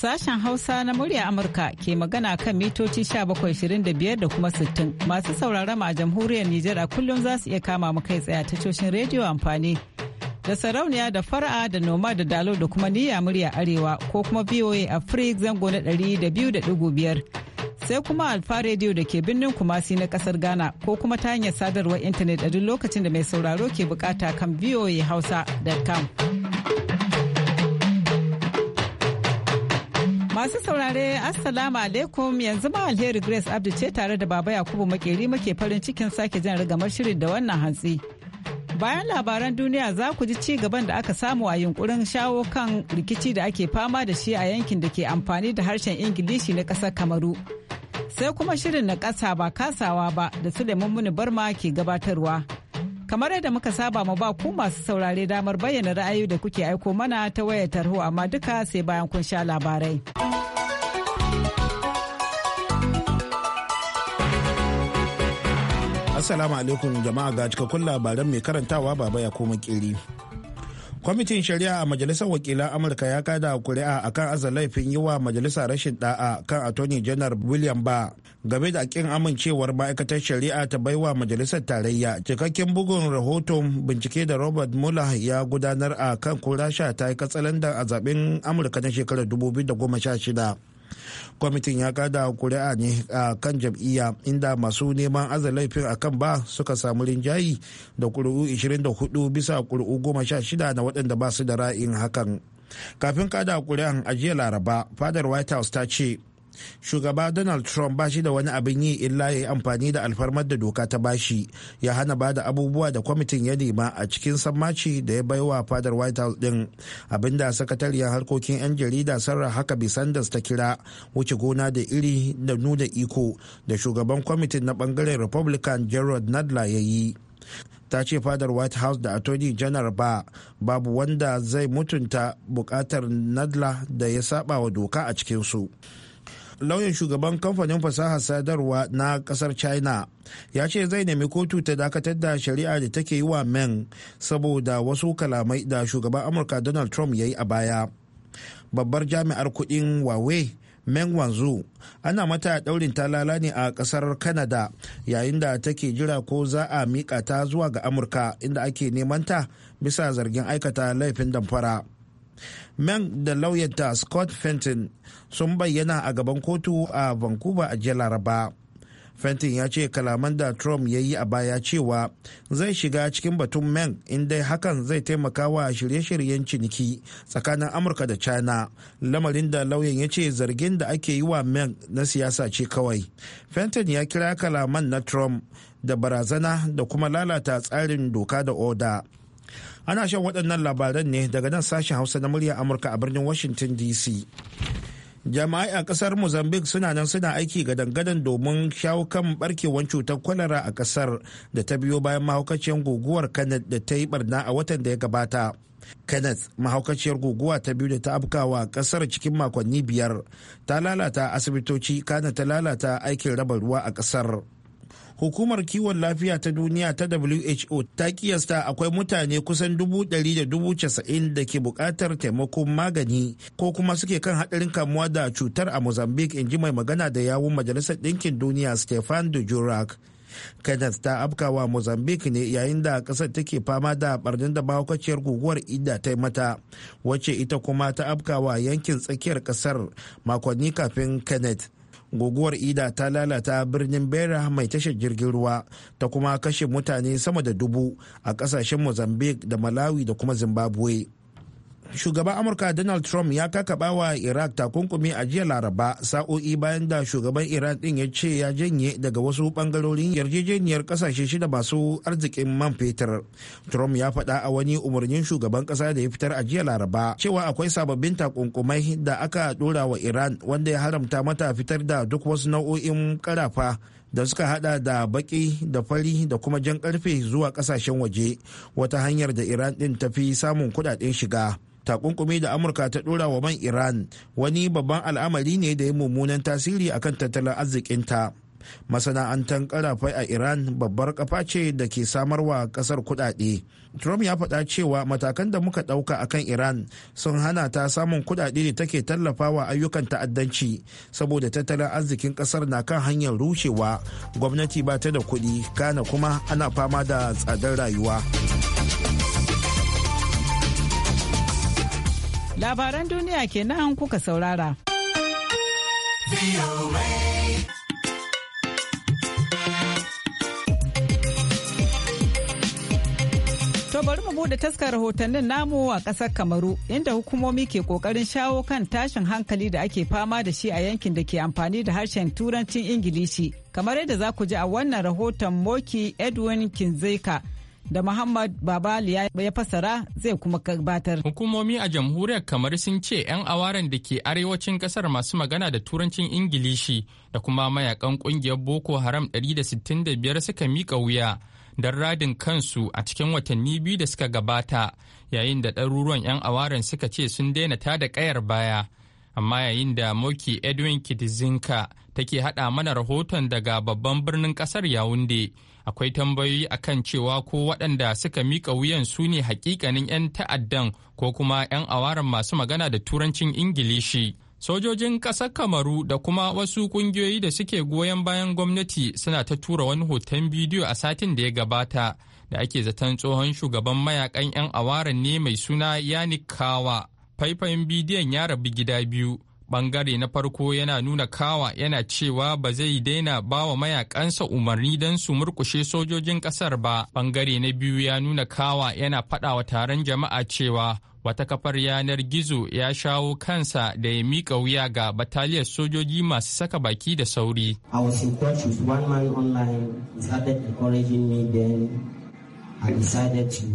Sashen Hausa na murya Amurka ke magana kan mitoci 1725 da kuma 60 masu sauraron a jamhuriyar Nijar a kullum za su iya kama mu kai tsaye tashoshin rediyo amfani da sarauniya da fara'a da noma da dalo da kuma niyya murya arewa ko kuma VOA Africa zango na ɗari da da biyu biyar sai kuma alfa rediyo da ke birnin kumasi na kasar ghana ko kuma ta hanyar sadarwar intanet a duk lokacin da mai sauraro ke bukata kan voahausa.com Masu saurare Assalamu alaikum yanzu ma alheri Grace Abdu ce tare da Baba Yakubu Makeri muke farin cikin sake jan rigamar shirin da wannan hantsi. Bayan labaran duniya za ku ji ci gaban da aka samu a yunkurin shawo kan rikici da ake fama da shi a yankin da ke amfani da harshen Ingilishi na ƙasar Kamaru. Sai kuma shirin na ƙasa ba kasawa ba da Suleiman Muni Barma ke gabatarwa. Kamar yadda muka saba mu ba ku masu saurare damar bayyana ra'ayi da kuke aiko mana ta wayar tarho amma duka sai bayan kun sha labarai. Assalamu alaikum jama'a ga cikakkun labaran mai karantawa baba ya koma kiri. kwamitin shari'a a majalisar wakilan amurka ya kada kuri'a akan aza laifin yi wa majalisa rashin da'a kan attorney general william ba game da kin amincewar ma'aikatar shari'a ta baiwa majalisar tarayya cikakken bugun rahoton bincike da robert muller ya gudanar a kan kurasha ta yi katsalandan a zaben amurka na shekarar 2016 kwamitin ya kada kuri'a ne a kan jam'iyya inda masu neman aza laifin a kan ba suka samu rinjayi da kuri'u 24 bisa kuri'u 16 na waɗanda ba su da ra'ayin hakan kafin kada kuri'an a jiya laraba fadar white house ta ce shugaba donald trump ba shi da wani abin yi illa ya yi amfani da alfarmar da doka ta bashi ya hana ba da abubuwa da kwamitin ya nema a cikin sammaci da ya baiwa fadar white house din abinda sakatariyar harkokin 'yan jarida sarra haka sanders ta kira wuce gona da iri da nuna iko da shugaban kwamitin na bangaren republican gerald nadler ya yi ta ce fadar white house da attorney general ba babu wanda zai mutunta bukatar nadla da ya saba wa doka a cikinsu lauyan shugaban kamfanin fasahar sadarwa na kasar china ya ce zai nemi kotu ta dakatar da shari'a da take yi wa meng saboda wasu kalamai da shugaban amurka donald trump ya yi a baya babbar jami'ar kudin wawe meng wanzu ana mata daurin talala ne a kasar canada yayin da take jira ko za a mika ta zuwa ga amurka inda ake neman ta bisa zargin aikata laifin damfara. meng da lauyanta scott fenton sun bayyana a gaban kotu a vancouver a jiya laraba fenton ya ce kalaman da trump ya yi a baya cewa zai shiga cikin batun meng inda hakan zai taimaka wa shirye-shiryen ciniki tsakanin amurka da china lamarin da lauyan ya ce zargin da ake yi wa meng na siyasa ce kawai fenton ya kira kalaman na trump da barazana da kuma lalata tsarin doka da oda Ana shan waɗannan labaran ne daga nan sashen Hausa na murya Amurka a birnin Washington DC. Jama'ai a ƙasar Mozambique suna nan suna aiki ga dangadan domin shawo kan barkewar cutar kwalara a ƙasar da ta biyo bayan mahaukaciyar guguwar Kenneth da ta yi barna a watan da ya gabata. Kenneth mahaukaciyar guguwa ta biyu da ta afkawa ƙasar cikin makonni biyar ta lalata asibitoci kana ta lalata aikin raba ruwa a ƙasar. hukumar kiwon lafiya ta duniya ta who ta kiyasta akwai mutane kusan dubu ɗari da dubu casa'in da ke buƙatar taimakon magani ko kuma suke kan haɗarin kamuwa da cutar a mozambique in ji mai magana da yawun majalisar ɗinkin duniya stefan dujurak kenneth ta afkawa mozambique ne yayin da ƙasar take fama da barnin da mahaukaciyar guguwar ida ta mata wacce ita kuma ta afkawa yankin tsakiyar ƙasar makonni kafin kenneth guguwar ida ta lalata birnin bera mai tashar jirgin ruwa ta kuma kashe mutane sama da dubu a kasashen mozambique da malawi da kuma zimbabwe shugaban amurka donald trump ya kakaba wa iraq takunkumi a jiya laraba sa'o'i bayan da shugaban iran din ya ce ya janye daga wasu bangarorin yarjejeniyar kasashe shida masu arzikin man fetur trump ya faɗa a wani umarnin shugaban ƙasa da ya fitar a jiya laraba cewa akwai sababbin takunkumai da aka dora wa iran wanda ya haramta mata fitar da duk wasu nau'o'in karafa da suka hada da baki da fari da kuma jan karfe zuwa kasashen waje wata hanyar da iran din tafi samun kudaden shiga takunkumi da amurka ta dora wa man iran wani babban al'amari ne da ya mummunan tasiri akan tattalin arzikinta masana'antar karafai a iran babbar kafa ce da ke samarwa kasar kudade trump ya faɗa cewa matakan da muka ɗauka akan iran sun hana ta samun kudade da take tallafawa ayyukan ta'addanci saboda tattalin arzikin kasar na kan hanyar rushewa gwamnati ba ta da kuɗi kana kuma ana fama da tsadar rayuwa Labaran duniya kenan kuka saurara. To bari mu bude taskar rahotannin namu a ƙasar Kamaru inda hukumomi ke ƙoƙarin shawo kan tashin hankali da ake fama da shi a yankin da ke amfani da harshen turancin Ingilishi. Kamar yadda za ku ji a wannan rahoton Moki Edwin Kinzeka. da Muhammad Babali ya fasara zai kuma gabatar. Hukumomi a jamhuriyar kamar sun ce 'yan awaren da ke arewacin kasar masu magana da turancin Ingilishi da kuma mayakan kungiyar Boko Haram 165 suka mika wuya don radin kansu a cikin watanni biyu da suka gabata yayin da ɗaruruwan 'yan awaren suka ce sun daina ta da ƙayar baya. Amma yayin da Moki Edwin Kitizinka take haɗa mana rahoton daga babban birnin ƙasar Yawunde. akwai tambayoyi akan cewa ko waɗanda suka mika wuyan su ne hakikanin 'yan ta'addan ko kuma 'yan awaran masu magana da turancin ingilishi sojojin ƙasar kamaru da kuma wasu ƙungiyoyi da suke goyon bayan gwamnati suna ta tura wani hoton bidiyo a satin da ya gabata da ake zaton tsohon shugaban mayakan 'yan awaran ne mai suna Yannick kawa faifayin bidiyon ya rabu gida biyu Bangare na farko yana nuna kawa yana cewa ba zai daina ba wa mayakansa umarni don su murkushe sojojin ƙasar ba. Bangare na biyu ya nuna kawa yana faɗawa wa taron jama'a cewa wata kafar yanar gizo ya shawo kansa da ya miƙa wuya ga bataliyar sojoji masu saka baki da sauri. I was in touch with one man online, I decided to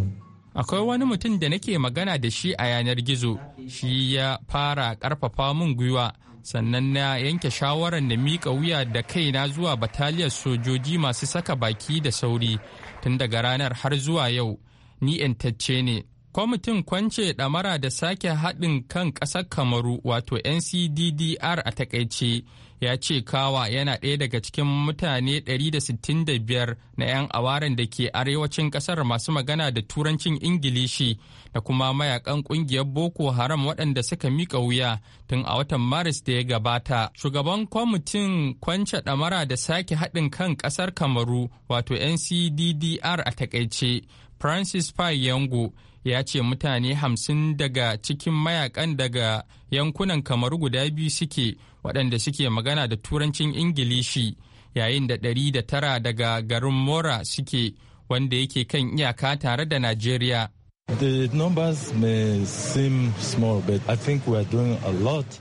akwai wani mutum da nake magana da shi a yanar gizo shi ya fara karfafa mun gwiwa sannan na yanke shawarar na miƙa wuya da kaina zuwa bataliyar sojoji masu saka baki da sauri tun daga ranar har zuwa yau ni yantacce ne kwamitin kwance ɗamara da sake haɗin kan ƙasar kamaru wato ncddr a takaice ya ce kawa yana ɗaya daga cikin mutane 165 na 'yan awaren da ke arewacin ƙasar masu magana da turancin ingilishi da kuma mayakan ƙungiyar boko haram waɗanda suka mika wuya tun a watan maris da ya gabata shugaban kwamitin kwance ɗamara da sake haɗin kan ƙasar kamaru wato ncddr a takaice francis fayango ya ce mutane hamsin daga cikin mayakan daga yankunan kamar guda biyu suke waɗanda suke magana da turancin ingilishi yayin da ɗari da tara daga garin mora suke wanda yake kan iyaka tare da najeriya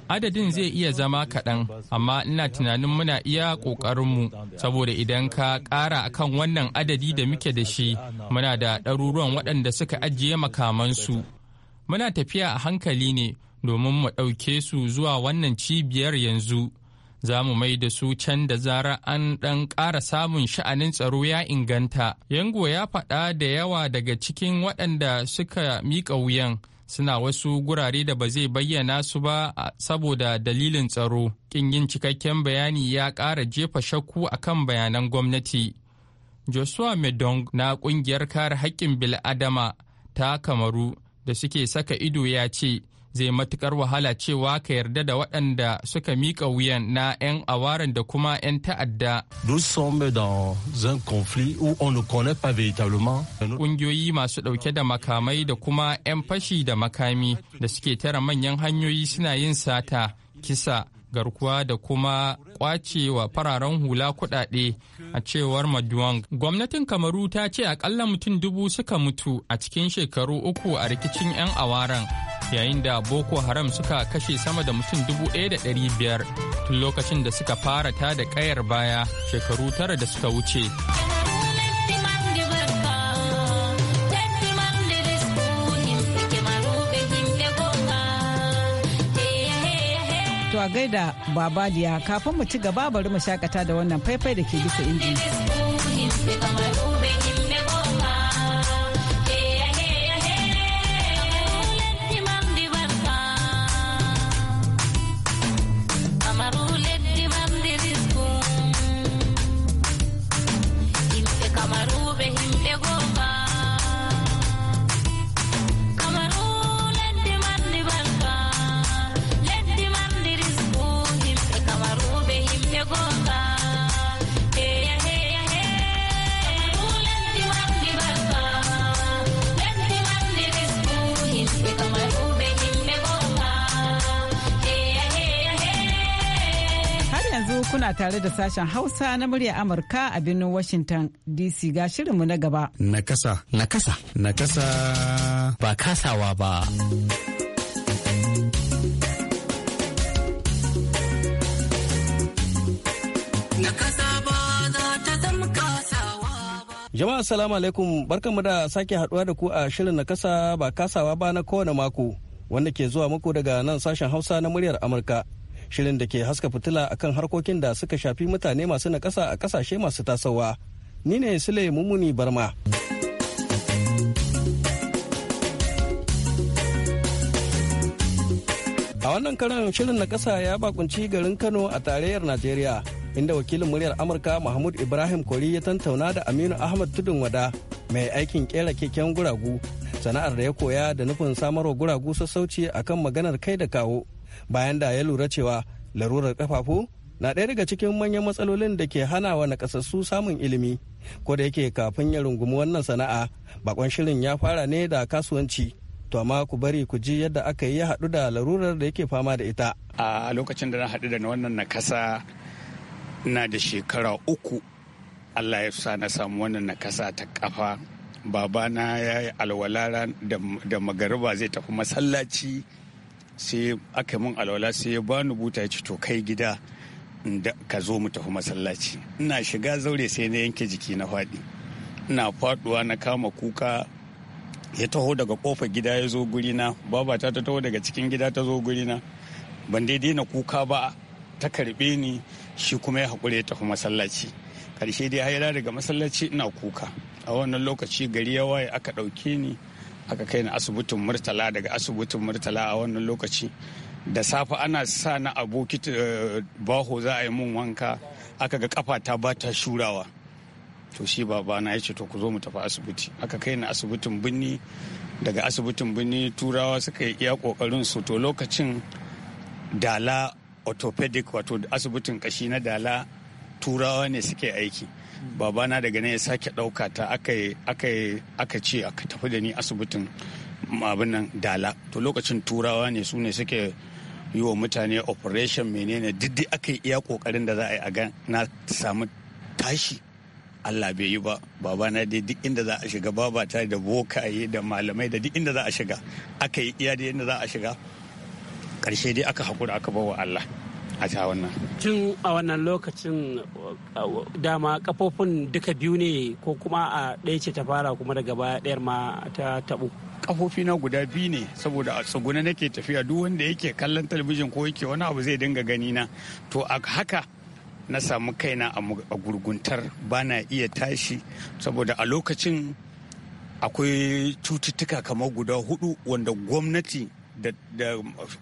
Adadin zai iya zama kaɗan, amma ina tunanin muna iya ƙoƙarinmu, saboda idan ka ƙara akan wannan adadi da muke da shi, muna da ɗaruruwan waɗanda suka ajiye makamansu. Muna tafiya a hankali ne domin mu ɗauke su zuwa wannan cibiyar yanzu. za mu mai da su can da zarar an ɗan ƙara samun sha'anin tsaro ya inganta. Yango ya faɗa da yawa daga cikin waɗanda suka miƙa wuyan suna wasu gurare da ba zai bayyana su ba saboda dalilin tsaro. Ƙin yin cikakken bayani ya ƙara jefa shakku akan bayanan gwamnati. Joshua Medong na ƙungiyar kare haƙƙin bil'adama ta Kamaru da suke saka ido ya ce zai matukar wahala cewa ka yarda da waɗanda suka miƙa wuyan na 'yan awaran da kuma 'yan ta'adda. Ƙungiyoyi masu ɗauke da makamai da kuma 'yan fashi da makami da suke tara manyan hanyoyi suna yin sata, kisa, garkuwa da kuma kwacewa fararen hula kudade a cewar maduwan Gwamnatin Kamaru ta ce akalla mutum dubu suka mutu a cikin shekaru uku a rikicin 'yan awaran yayin da Boko Haram suka kashe sama da mutum dubu ɗaya da ɗari biyar tun lokacin da suka fara ta da ƙayar baya shekaru tara da suka wuce. a gaida babadiya kafin mu ci gaba bari mu shakata da wannan faifai da ke bisa inji. Kuna tare da sashen Hausa na murya Amurka a birnin Washington DC ga shirinmu na gaba. Nakasa. Nakasa. Nakasa. Ba kasawa ba. Jama'a salamu alaikum barkanmu da sake haduwa da ku a shirin na kasa ba kasawa ba na kowane mako wanda ke zuwa muku daga nan sashen Hausa na muryar Amurka shirin da ke haska fitila akan harkokin da suka shafi mutane masu nakasa a kasashe masu tasowa ni ne sule mummuni barma a wannan karan shirin na kasa ya bakunci garin kano a tarayyar najeriya inda wakilin muryar amurka mahmud ibrahim kori ya tantauna da aminu ahmad tudun wada mai aikin kera keken guragu sana'ar da ya koya da nufin samarwa guragu sassauci akan maganar kai da kawo bayan da ya lura cewa larurar kafafu na ɗaya daga cikin manyan matsalolin da ke hana wa nakasassu samun ilimi ko da yake kafin ya rungumi wannan sana'a bakon shirin ya fara ne da kasuwanci to amma ku bari ku ji yadda aka yi ya haɗu da larurar da yake fama da ita a lokacin da na haɗu da wannan nakasa na da shekara uku allah ya sa na samu wannan nakasa ta kafa babana ya yi alwalara da magariba zai tafi masallaci sai aka min alwala sai ya bani buta ya ce to kai gida ka zo mu tafi masallaci ina shiga zaure sai na yanke jiki na faɗi ina faɗuwa na kama kuka ya taho daga kofar gida ya zo gurina babata ta taho daga cikin gida ta zo gurina ban daidai na kuka ba ta karɓe ni shi kuma ya haƙura ya tafi masallaci karshe dai haira daga masallaci ina kuka a wannan lokaci gari ya waye aka ɗauke ni aka kai ni asibitin murtala daga asibitin murtala a wannan lokaci da safe ana sa na aboki eh, baho za a yi mun wanka aka ga kafata ba ta shurawa to shi babana ya ce to ku zo mu tafi asibiti aka kai ni asibitin birni daga asibitin birni turawa suka yi iya kokarin su to lokacin dala orthopedic wato asibitin kashi na dala turawa ne suke aiki babana daga nan ya sake ɗauka ta aka ce aka tafi da ni asibitin abin dala to lokacin turawa ne su ne suke yi wa mutane operation menene diddi aka yi iya kokarin da za a yi a ga na samu tashi Allah bai yi ba babana dai duk inda za a shiga babata da bokaye da malamai da duk inda za a shiga aka yi iya da inda za a shiga karshe dai aka hakura aka bawa Allah a ca wannan. Tun a wannan lokacin uh, uh, dama kafofin duka biyu ne ko kuma a ɗaya ce ta fara kuma daga baya ɗayar ma ta taɓo kafofi na guda biyu ne saboda a tsuguna nake tafiya duk wanda yake kallon talabijin ko yake wani abu zai dinga gani na to a haka na samu kaina a gurguntar bana iya tashi saboda a lokacin akwai cututtuka kamar guda hudu wanda gwamnati da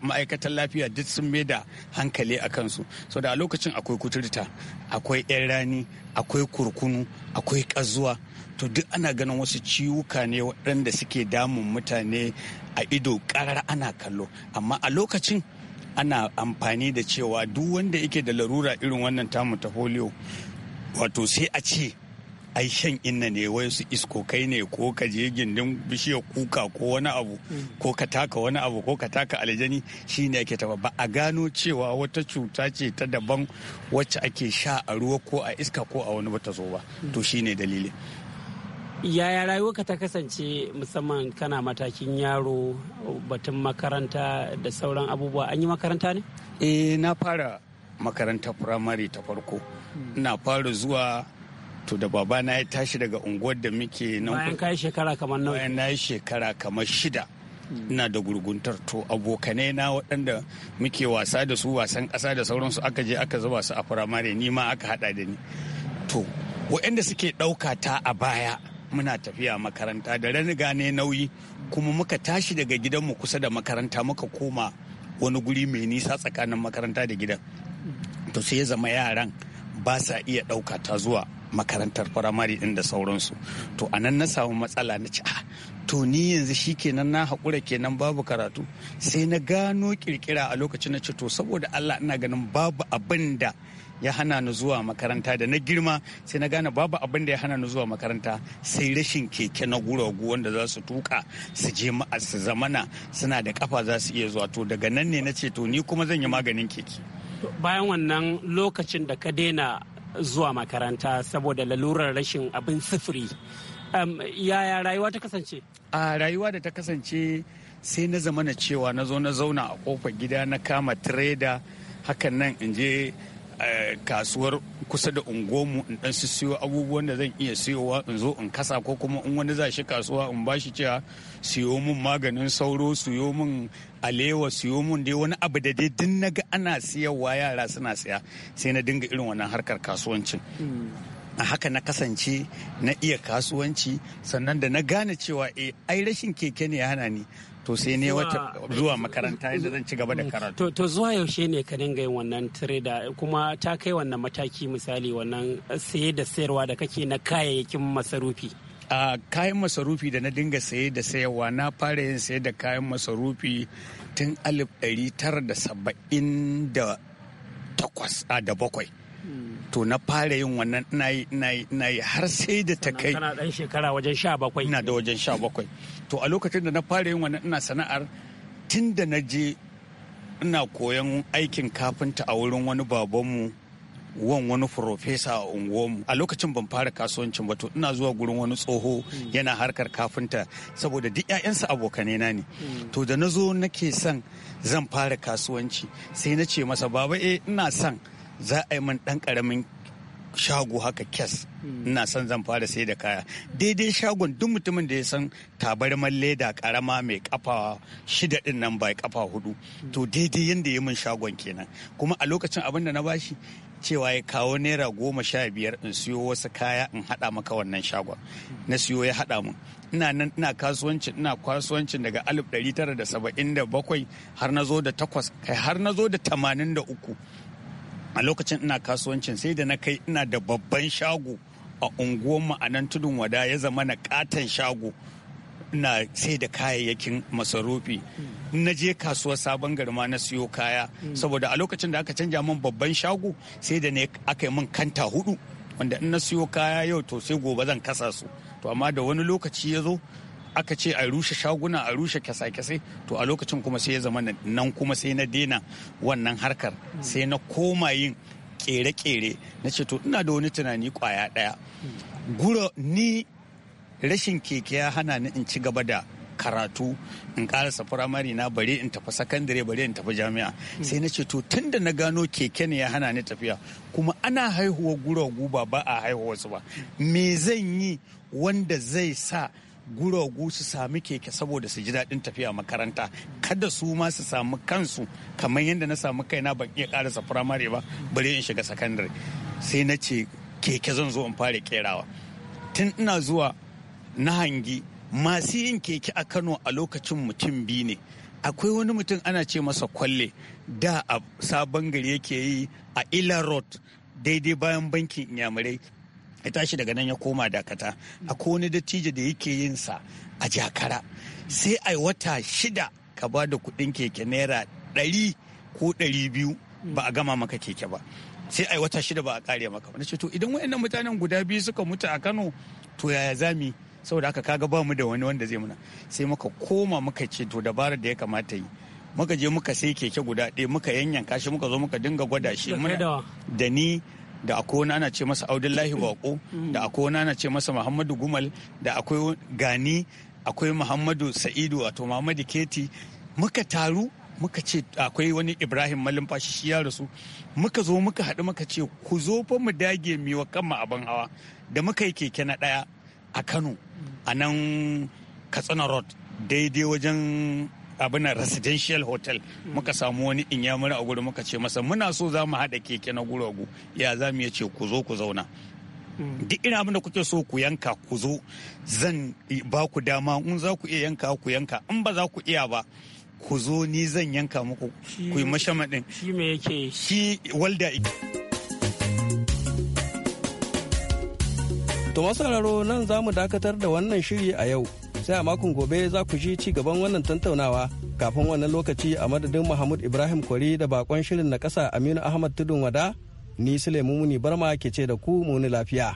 ma'aikatan lafiya duk sun da hankali a kansu so da a lokacin akwai kuturta akwai 'yan rani akwai kurkunu akwai ƙazuwa to duk ana ganin wasu ciwuka ne waɗanda suke damun mutane a ido karar ana kallo amma a lokacin ana amfani da cewa duk wanda yake da larura irin wannan tamu ta folio wato sai a ce ai shan inna ne wai su isko kai ne ko ka je gindin bishiyar kuka ko wani abu ko ka taka wani abu ko ka taka aljani shine ake taba ba a gano cewa wata cuta ce ta daban wacce ake sha a ruwa ko a iska ko a wani bata zo ba to shine dalilin yaya rayuwarka ta kasance musamman kana matakin yaro batun makaranta da sauran abubuwa an yi makaranta ne eh na fara makaranta firamare ta farko ina fara zuwa to da baba na ya tashi daga unguwar da muke nan bayan kai shekara kamar nawa bayan na yi shekara kamar shida ina da gurguntar to abokanai na waɗanda muke wasa da su wasan ƙasa da sauransu aka je aka zuba su a firamare ni ma aka haɗa da ni to waɗanda suke ɗauka ta a baya muna tafiya makaranta da rani gane nauyi kuma muka tashi daga gidanmu kusa da makaranta muka koma wani guri mai nisa tsakanin makaranta da gidan to sai ya zama yaran ba sa iya ɗauka ta zuwa makarantar firamare din da sauransu to a nan na samu matsala na ci ah, to ni yanzu shi kenan na haƙura kenan babu karatu sai na gano kirkira a lokacin na ce to saboda allah ina ganin babu abin da ya hana ni zuwa makaranta da na girma sai na gane babu abin da ya hana ni zuwa makaranta sai rashin keke na guragu wanda za su tuka su je su zamana suna da kafa za su iya zuwa to daga nan ne na ce to ni kuma zan yi maganin keke bayan wannan lokacin da ka daina zuwa makaranta saboda lalurar rashin abin sufuri yaya rayuwa ta kasance a rayuwa da ta kasance sai na zama na cewa na zo na zauna a kofar gida na kama tireda hakan nan in je Eh, kasuwar kusa da unguwarmu in dan siyo abubuwan da zan iya siyowa in zo in kasa ko kuma in wani za shi kasuwa in bashi cewa siyo min maganin sauro siyo min alewa siyo mun dai wani abu da dai din naga ana siyarwa yara suna siya sai na dinga irin wannan harkar kasuwancin hmm. a haka na kasance na iya kasuwanci sannan da na gane cewa e ai rashin keke ne ya hana ni to sai ne wata zuwa makaranta inda zan ci gaba da mm. karatu to zuwa yaushe ne ka dinga yin wannan trader kuma ta kai wannan mataki misali wannan saye da sayarwa da kake na kayayyakin masarufi a kayan masarufi da na dinga saye da sayarwa na fara yin saye da kayan masarufi tun alif ɗari tara da saba'in da a da bakwai mm. to na fara yin wannan ina yi na yi na yi har sai da ta kai kana dan shekara wajen sha bakwai. ina da wajen sha bakwai to a lokacin da na fara yin wannan ina sana'ar tun da na je ina koyon aikin kafinta a wurin wani babanmu wan wani profesa a unguwarmu a lokacin ban fara kasuwancin ba to ina zuwa gurin wani tsoho hmm. yana harkar kafinta saboda duk ƴaƴansa abokanai na ne hmm. to da na zo nake son zan fara kasuwanci sai na ce masa baba eh ina son za a yi man ɗan ƙaramin shago haka kes hmm. ina son zan fara sai da kaya daidai shagon duk mutumin da ya san tabarman leda karama mai kafa shida din nan bai kafa hudu hmm. to daidai yadda ya min shagon kenan kuma a lokacin abin da na bashi cewa ya kawo naira goma sha biyar in siyo wasu kaya in haɗa maka wannan shagon hmm. na siyo ya haɗa mun ina nan ina kasuwancin ina kasuwancin daga alif ɗari tara da saba'in da bakwai har na zo da takwas har na zo da tamanin da uku a lokacin ina kasuwancin sai da na kai ina da babban shago a unguwanmu a nan tudun wada ya zama na katon shago na sai da kayayyakin masarufi na je kasuwar sabon garma na siyo kaya saboda a lokacin da aka canja min babban shago sai da ne aka yi min kanta hudu wanda in na siyo kaya yau to sai gobe zan kasa su to amma da wani lokaci ya zo aka ce a rushe shaguna a rushe kyasa-kyasai to a lokacin kuma sai ya zama nan kuma sai na dena wannan harkar sai na koma yin kere-kere na ce to ina da wani tunani kwaya daya gura ni rashin keke ya hana ni in ci gaba da karatu in karasa firamare na bare in tafi sakandare bare in tafi jami'a sai na ce to tun da na gano keke ne ya hana ni tafiya kuma ana haihuwa gura guba ba a haihuwa su ba me zan yi wanda zai sa guragu su sami keke saboda su ji daɗin tafiya makaranta kada su ma su samu kansu kamar yadda na samu kaina ban iya karasa firamare ba bari in shiga sakandare sai na ce keke zan zo in fara kerawa tun ina zuwa na hangi masu yin keke a kano a lokacin mutum biyu ne akwai wani mutum ana ce masa kwalle da a sabon gari yake yi a ila road daidai bayan bankin inyamurai ya tashi daga nan ya koma dakata akwai wani dattijo da yake yin sa a jakara sai ai wata shida ka ba da kuɗin keke naira ɗari ko ɗari biyu ba a gama maka keke ba sai ai wata shida ba a kare maka na ce to idan wayannan mutanen guda biyu suka mutu a kano to yaya zami saboda haka kaga ba mu da wani wanda zai muna sai muka koma muka ce to dabarar da ya kamata yi muka je muka sai keke guda ɗaya muka yanyanka shi muka zo muka dinga gwada shi da ni da akwai wani ana ce masa audullahi bako da akwai wani ana ce masa muhammadu gumal da akwai gani akwai muhammadu sa'idu wato muhammadu keti muka taru muka ce akwai wani ibrahim malumfashi shi ya rasu muka zo muka haɗu muka ce ku zo fa mu dage wa kanmu abin hawa da muka yi keke na ɗaya a kano a nan katsina road daidai wajen abin residential hotel muka samu wani inyamuri a gurin muka ce masa muna so za mu haɗa keke na guragu ya za mu ce ku zo ku zauna mm. duk ina abin da kuke so ku yanka ku zo zan ba ku dama in za ku iya yanka ku yanka in ba za ku iya ba ku zo ni zan yanka muku ku yi mashamadin shi me yake shi walda to masu nan za mu dakatar da wannan shiri a yau sai a makon gobe za ku ji ci gaban wannan tantaunawa kafin wannan lokaci a madadin mahmud ibrahim kwari da bakon shirin na kasa aminu ahmad tudun wada ni sulaimu muni barma ke ce da ku muni lafiya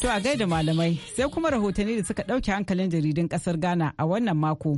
To a gaida malamai sai kuma rahotanni da suka ɗauke hankalin jaridun ƙasar Ghana a wannan mako.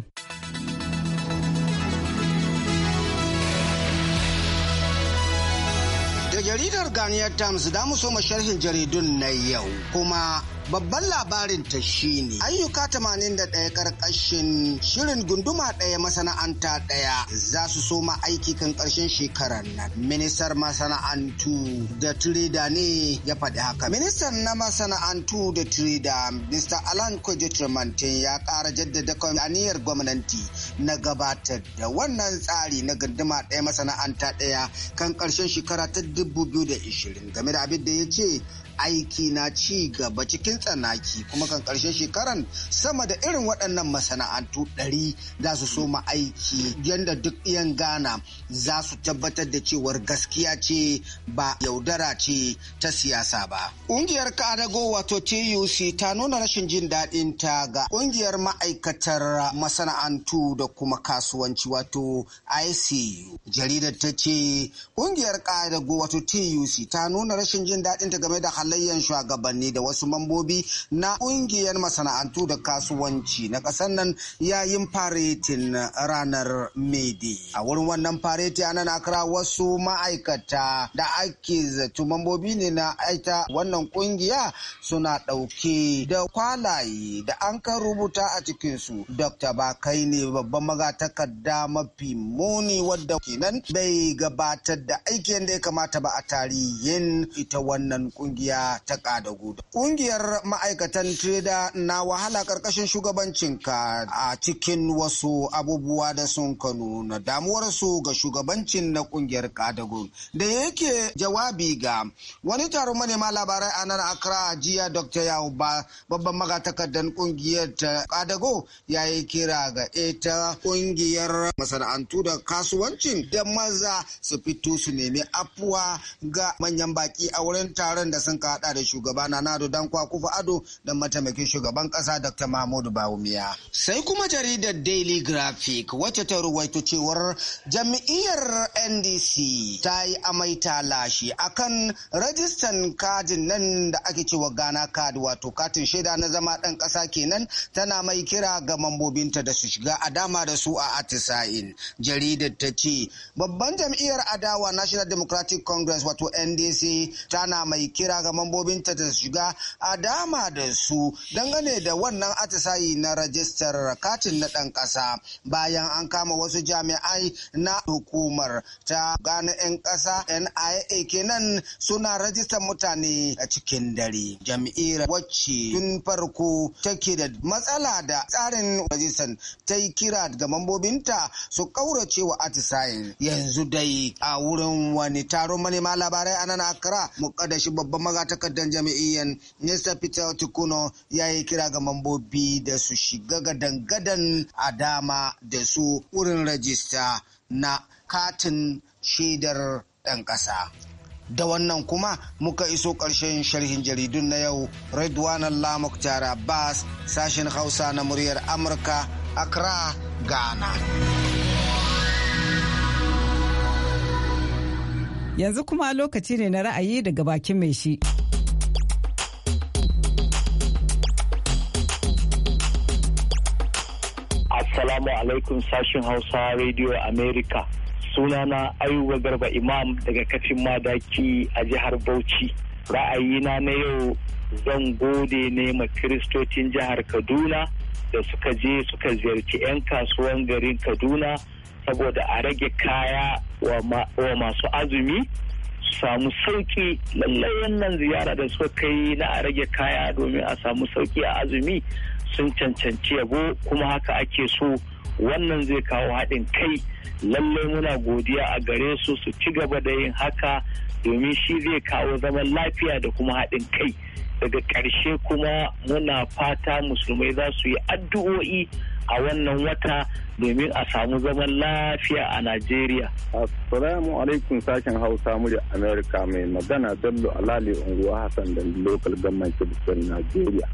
Ghanaian Times da mu so sharhin jaridun na yau kuma Babban labarin ta ne. ayyuka 81 karkashin shirin gunduma ɗaya masana'anta ɗaya za su soma aiki kan ƙarshen shekarar nan. Ministar masana'antu da Tireda ne ya faɗi haka. Ministan na masana'antu da Tireda, Mr. Alan Kojitramantin ya ƙara jaddada aniyar gwamnati na gabatar da wannan tsari na gunduma ɗaya masana'anta ɗaya kan ƙarshen shekara ta 2020 game da abin da ya ce aiki na ci gaba cikin tsanaki kuma kan karshen shekaran sama da irin waɗannan masana'antu ɗari za su ma aiki yadda duk yan Ghana za su tabbatar da cewar gaskiya ce ba yaudara ce ta siyasa ba. Ƙungiyar Kadago wato TUC ta nuna rashin jin daɗin ta ga ƙungiyar ma'aikatar masana'antu da kuma kasuwanci wato ICU. Jaridar ta ce ƙungiyar Kadago wato TUC ta nuna rashin jin daɗin ta game da halayyar shugabanni da wasu mambobi na ƙungiyar masana'antu da kasuwanci na ƙasar nan yayin faretin ranar Mede. A wurin wannan fareti ana na kira wasu ma'aikata da ake zato mambobi ne na aita wannan ƙungiya suna ɗauke da kwalaye da an kan rubuta a cikinsu. Dr. Bakai ne babban magatakarda mafi muni wadda kenan bai gabatar da aikin da ya kamata ba a tarihin ita wannan ƙungiya da ta kadagu gudu. Ƙungiyar ma'aikatan Treda na wahala ƙarƙashin shugabancin ka a cikin wasu abubuwa da sun kanu na damuwarsu ga shugabancin na ƙungiyar kadagun. Da yake jawabi ga wani taron manema labarai a nan Accra jiya Dr. Yahu babban magatakardan ƙungiyar ta kadago ya yi kira ga ita ƙungiyar masana'antu da kasuwancin da maza su fito su nemi afuwa ga manyan baki a wurin taron da sun suka hada da shugaba Nanado dan kwakufa Ado da mataimakin shugaban kasa Dr. Mahmudu Bawumiya. Sai kuma jaridar Daily Graphic wacce ta ruwaito cewar jam'iyyar NDC ta yi amai ta lashe akan rajistan kadin nan da ake cewa Ghana kad wato katin shaida na zama ɗan ƙasa kenan tana mai kira ga mambobinta da su shiga a dama da su a atisa'in. Jaridar ta ce babban jam'iyyar adawa National Democratic Congress wato NDC tana mai kira ga mambobinta ta shiga a dama da su dangane da wannan atisayi na rajistar katin na ɗan ƙasa bayan an kama wasu jami'ai na hukumar ta gane 'yan ƙasa nia kenan suna rajistar mutane a cikin dare jam'iyyar wacce tun farko take da matsala da tsarin rajistar ta yi kira ga mambobinta su kauracewa wa atisayin yanzu dai a wurin wani taron manema labarai a nan akara shi babban maga takardar jami'iyyar Mr. Peter Tukuno ya yi kira ga mambobi da su shiga gadan-gadan a dama da su wurin rajista na katin shaidar ɗan ƙasa. Da wannan kuma muka iso ƙarshen sharhin jaridun na yau Redwan Allah Mukhtar Bas sashen Hausa na muryar Amurka Accra, Ghana. Yanzu kuma lokaci ne na ra'ayi daga bakin mai shi. Assalamu alaikum sashin Hausa Radio America. Sunana Ayuba Garba Imam daga kafin madaki a jihar Bauchi. Ra'ayina na yau zan gode ne ma kiristocin jihar Kaduna da suka je suka ziyarci 'yan kasuwan garin Kaduna saboda a rage kaya wa masu azumi su samu sauki lallai wannan ziyara da suka kai na a rage kaya domin a samu sauki a azumi sun cancanci yabo kuma haka ake so wannan zai kawo haɗin kai lallai muna godiya a gare su su ci gaba da yin haka domin shi zai kawo zaman lafiya da kuma haɗin kai daga ƙarshe kuma muna fata musulmai za su yi addu'o'i a wannan wata domin a samu zaman lafiya a Najeriya. Assalamu alaikum sashen Hausa murya Amerika mai magana Bello Alali Unguwa Hassan da Local Government Kibisar Najeriya.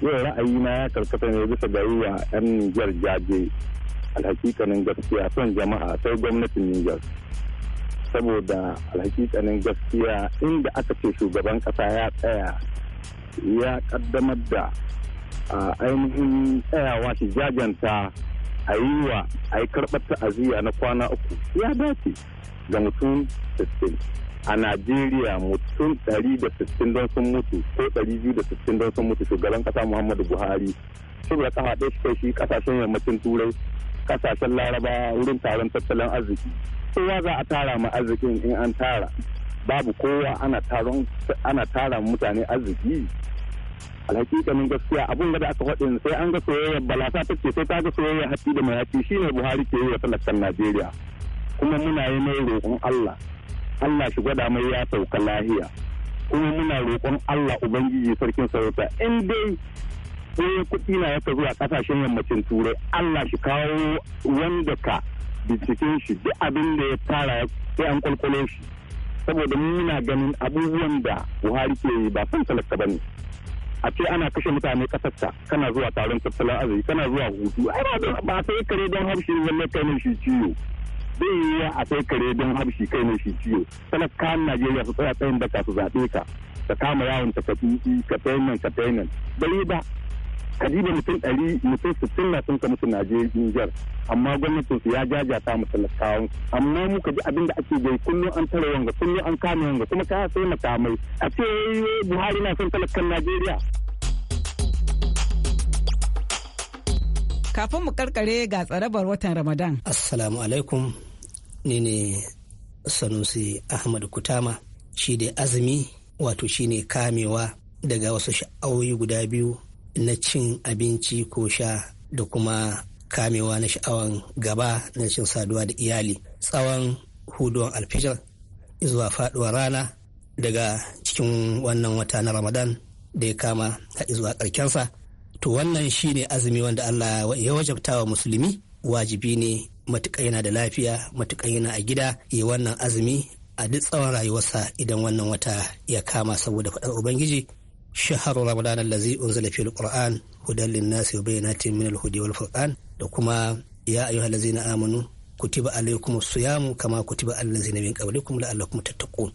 Yau ra'ayi na ya karkata ne bisa ga yi wa 'yan Nijar jaje alhakikanin gaskiya son jama'a sai gwamnatin Nijar. Saboda alhakikanin gaskiya inda aka ce shugaban kasa ya tsaya ya kaddamar da a ainihin tsayawa ta jajanta a yi wa a yi karɓar ta'aziyya na kwana uku ya dace ga mutum 60 a najeriya mutum 160 don sun mutu ko 260 don sun mutu shugaban kasa muhammadu buhari saboda kafa ɗaya shi shi kasashen yammacin turai kasashen laraba wurin taron tattalin arziki kowa za a tara ma arzikin in an tara babu kowa ana tara mutane arziki min gaskiya abun da aka faɗi sai an ga soyayya balasa ta ce sai ta ga soyayya hatsi da mai shine buhari ke yi wa talakan najeriya kuma muna yi mai roƙon allah allah shi gwada mai ya sauka lahiya kuma muna roƙon allah ubangiji sarkin sarauta in dai sai kuɗi na yaka zuwa ƙasashen yammacin turai allah shi kawo wanda ka binciken shi duk abin da ya tara sai an kwalkwalo shi saboda muna ganin abubuwan da buhari ke yi ba son talaka ba ne a ce ana kashe mutane kasarsa kana zuwa taron tattalin arziki kana zuwa hutu ba sai kare don harshe zama kai ne shi ciwo zai yi a sai kare don harshe kai ne shi ciwo kan najeriya su tsaya tsayin ka su zaɓe ka ka kama yawon tafafi ka ka nan ka nan bai ba kadiba mutum ɗari mutum sittin na sun je Nijar amma gwamnatin su ya jajata mu talakawan amma mu ji abin da ake gai kullum an tare wanga kullum an kame wanga kuma ka sai makamai a ce eh, Buhari na son talakan Najeriya. Kafin mu karkare ga tsarabar watan Ramadan. Assalamu alaikum ni ne Sanusi Ahmad Kutama shi da azumi wato shine kamewa daga wasu sha'awoyi guda biyu na cin abinci ko sha da kuma kamewa na sha'awan gaba na cin saduwa da iyali tsawon huduwan alfijar zuwa faduwar rana daga cikin wannan wata na ramadan da ya kama ha zuwa karkensa. to wannan shine azumi wanda allah ya wajabta wa musulmi wajibi ne matuƙa yana da lafiya matuƙa yana a gida ya wannan azumi a duk tsawon rayuwarsa idan wannan wata ya kama saboda faɗar ubangiji shahar ramadan allazi unzila fil qur'an hudan linnasi wa bayyinatin min al-hudi wal furqan da kuma ya ayyuhallazina amanu kutiba alaikum siyamu kama kutiba allazina min qablikum la'allakum tattaqun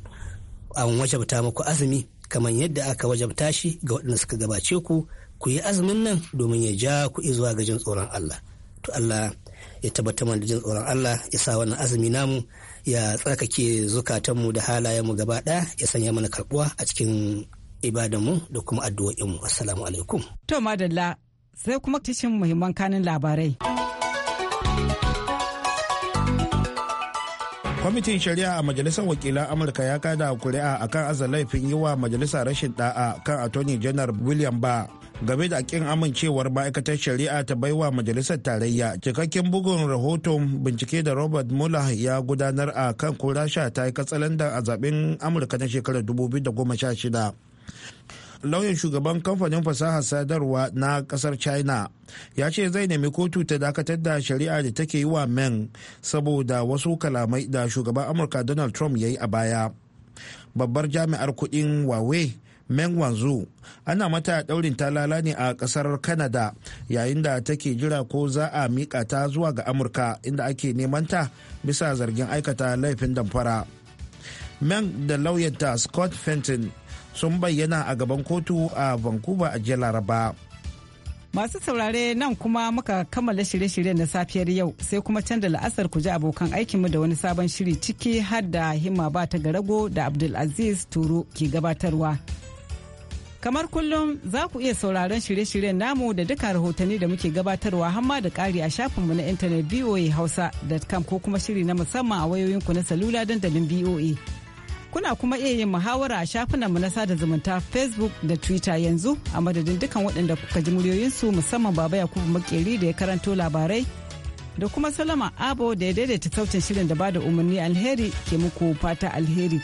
an wajabta muku azumi kamar yadda aka wajabta shi ga waɗanda suka gabace ku ku yi azumin nan domin ya ja ku zuwa ga jin tsoron Allah to Allah ya tabbatar mana da jin tsoron Allah ya sa wannan azumi namu ya tsarkake zukatanmu da halayenmu gaba ɗaya ya sanya mana karɓuwa a cikin ibadanmu da kuma addu'o'inmu assalamu alaikum to madalla sai kuma tashin muhimman kanin labarai kwamitin shari'a a majalisar wakilan amurka ya kada kuri'a akan aza laifin yi wa majalisa rashin da'a kan attorney general william ba game da kin amincewar ma'aikatar shari'a ta baiwa majalisar tarayya cikakken bugun rahoton bincike da robert mueller ya gudanar a kan kura sha ta yi katsalandan a zaben amurka na shekarar 2016 lauyan shugaban kamfanin fasaha sadarwa na kasar china ya ce zai nemi kotu ta dakatar da shari'a da take yi wa meng saboda wasu kalamai da shugaban amurka donald trump ya yi a baya babbar jami'ar kudin wawe meng wanzu ana mata daurin talala ne a kasar kanada yayin da take jira ko za a mika ta zuwa ga amurka inda ake neman ta bisa zargin aikata laifin damfara meng da lauyanta scott fenton sun bayyana a gaban kotu a Vancouver a jiya Laraba. Masu saurare nan kuma muka kammala shirye-shiryen na safiyar yau sai kuma canza la'asar ku ji abokan aikinmu da wani sabon shiri ciki har da himma ba ta garago da Abdulaziz Turo ke gabatarwa. Kamar kullum za ku iya sauraron shirye-shiryen namu da duka rahotanni da muke gabatarwa hamma da ƙari a shafinmu na intanet hausa.com ko kuma shiri na musamman a wayoyinku na salula dandalin BOA. kuna kuma iya yin muhawara a mu na sada zumunta facebook da twitter yanzu a madadin dukkan waɗanda kuka ji muryoyinsu musamman baba yakubu makeri da ya karanto labarai da kuma salama abo da ya daidaita sautin shirin da ba da umarni alheri ke muku fata alheri.